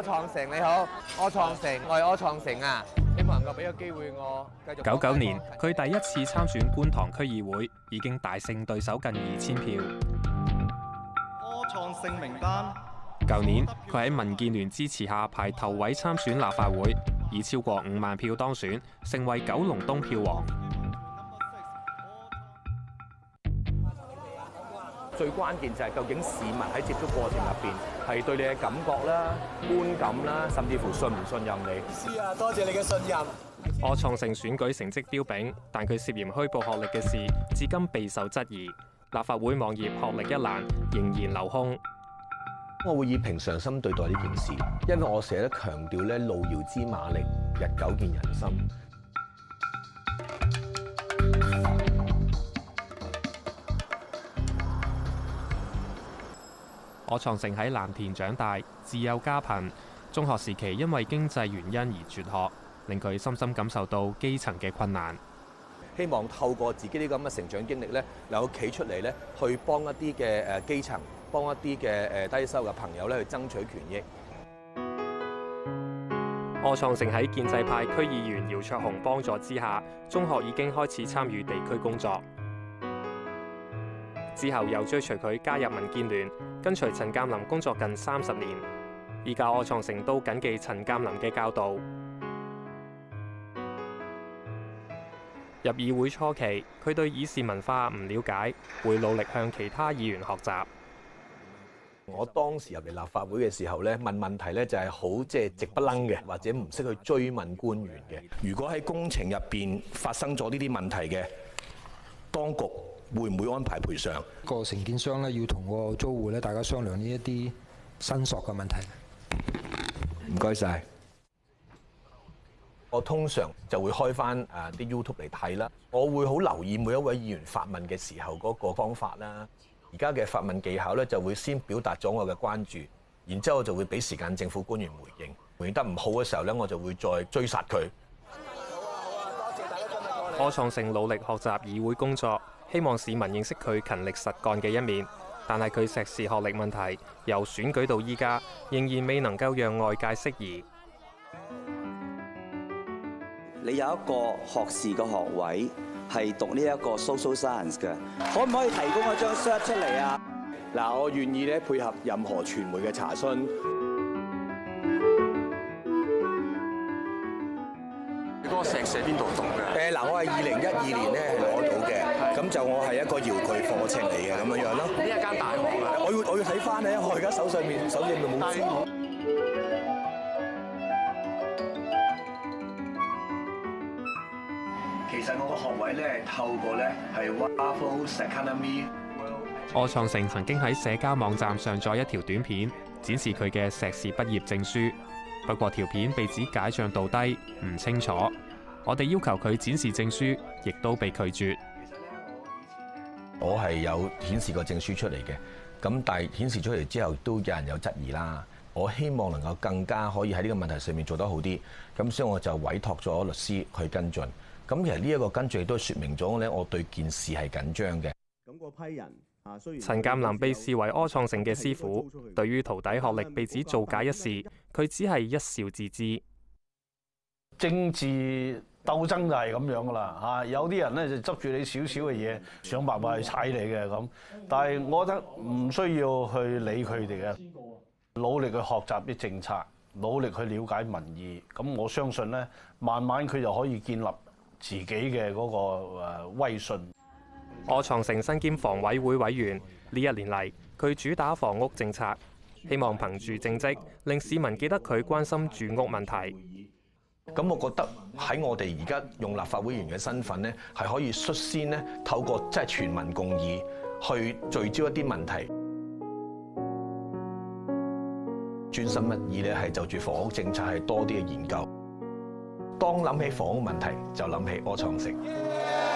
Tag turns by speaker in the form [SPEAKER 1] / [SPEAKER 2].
[SPEAKER 1] 柯創盛你好，柯創盛，我係柯創盛啊！希望能夠俾個機會我繼續。九九
[SPEAKER 2] 年，佢第一次參選觀塘區議會，已經大勝對手近二千票。
[SPEAKER 1] 柯創盛名單。
[SPEAKER 2] 舊年，佢喺民建聯支持下排頭位參選立法會，以超過五萬票當選，成為九龍東票王。
[SPEAKER 1] 最關鍵就係究竟市民喺接觸過程入邊，係對你嘅感覺啦、觀感啦，甚至乎信唔信任你。是啊，多謝你嘅信任。柯創盛選
[SPEAKER 2] 舉成績彪炳，但佢涉嫌虛報學歷嘅事，至今備受質疑。立法會
[SPEAKER 1] 網頁學歷一欄仍然留空。我會以平常心對待呢件事，因為我成日都強調咧，路遙知馬力，日久見人心。
[SPEAKER 2] 柯創盛喺藍田長大，自幼家貧，中學時期因為經濟原因而輟學，令佢深深感受到基層嘅困難。
[SPEAKER 1] 希望透過自己呢個咁嘅成長經歷咧，能夠企出嚟，咧，去幫一啲嘅誒基層，幫一啲嘅誒低收嘅朋友咧去爭取權益。柯創盛喺建制派區議員姚卓雄幫助之
[SPEAKER 2] 下，中學已經開始參與地區工作。之後又追隨佢加入民建聯，跟隨陳鑑林工作近三十年。而家柯創盛，謹記陳鑑林嘅教導。入議會初期，佢對議事文化唔了解，會努力向其
[SPEAKER 1] 他議員學習。我當時入嚟立法會嘅時候咧，問問題咧就係好即係直不楞嘅，或者唔識去追問官員嘅。如果喺工程入邊發生咗呢啲問題嘅當局。會唔會安排賠償？個
[SPEAKER 2] 承建商咧要同個租戶咧，大家商量呢一啲申索嘅問題。
[SPEAKER 1] 唔該晒，我通常就會開翻誒啲 YouTube 嚟睇啦。我會好留意每一位議員發問嘅時候嗰個方法啦。而家嘅發問技巧咧，就會先表達咗我嘅關注，然之後我就會俾時間政府官員回應。回應得唔好嘅時候咧，我就會再追殺佢。好啊好啊，
[SPEAKER 2] 多謝大家祝福我哋。柯創盛努力學習議會工作。希望市民認識佢勤力實幹嘅一面，但係佢碩士學歷問題，由選舉到依家仍然未能夠讓外界釋疑。
[SPEAKER 1] 你有一個學士嘅學位，係讀呢一個 social science 嘅，可唔可以提供一張 cert 出嚟啊？嗱、啊，我願意咧配合任何傳媒嘅查詢。你嗰個碩士喺邊度讀嘅？誒、欸，嗱，我係二零一二年咧。咁就我係一個遙距課程嚟嘅咁樣樣咯。呢係間大學啊！我要看看大河我要睇翻你。我而家手上面河手入面冇。其實我個學位咧，透過咧係 Waffle Academy。
[SPEAKER 2] 柯創盛曾經喺社交網站上載一條短片，展示佢嘅碩士畢業證書。不過條片被指解像度低，唔清楚。我哋要求佢
[SPEAKER 1] 展示證書，亦都被拒絕。我係有顯示個證書出嚟嘅，咁但係顯示出嚟之後都有人有質疑啦。我希望能夠更加可以喺呢個問題上面做得好啲，咁所以我就委託咗律師去跟進。咁其實呢一個跟進亦都説明咗咧，我對件事係緊張嘅。咁嗰批人，
[SPEAKER 2] 陳鑑林被視為柯創盛嘅師傅，對於徒弟學歷被指造假一事，
[SPEAKER 1] 佢只係一笑置之。政治。鬥爭就係咁樣噶啦吓，有啲人咧就執住你少少嘅嘢，想辦法去踩你嘅咁。但係我覺得唔需要去理佢哋嘅，努力去學習啲政策，努力去了解民意。咁我相信咧，慢慢佢就可以建立自己嘅嗰個威信。柯創盛身兼房委會委員
[SPEAKER 2] 呢一年嚟，佢主打房屋政策，希望憑住政績令市民
[SPEAKER 1] 記得佢關心住屋問題。咁我覺得喺我哋而家用立法會議員嘅身份咧，係可以率先咧，透過即係全民共議去聚焦一啲問題，專心一意咧係就住房屋政策係多啲嘅研究。當諗起房屋問題，就諗起柯創盛。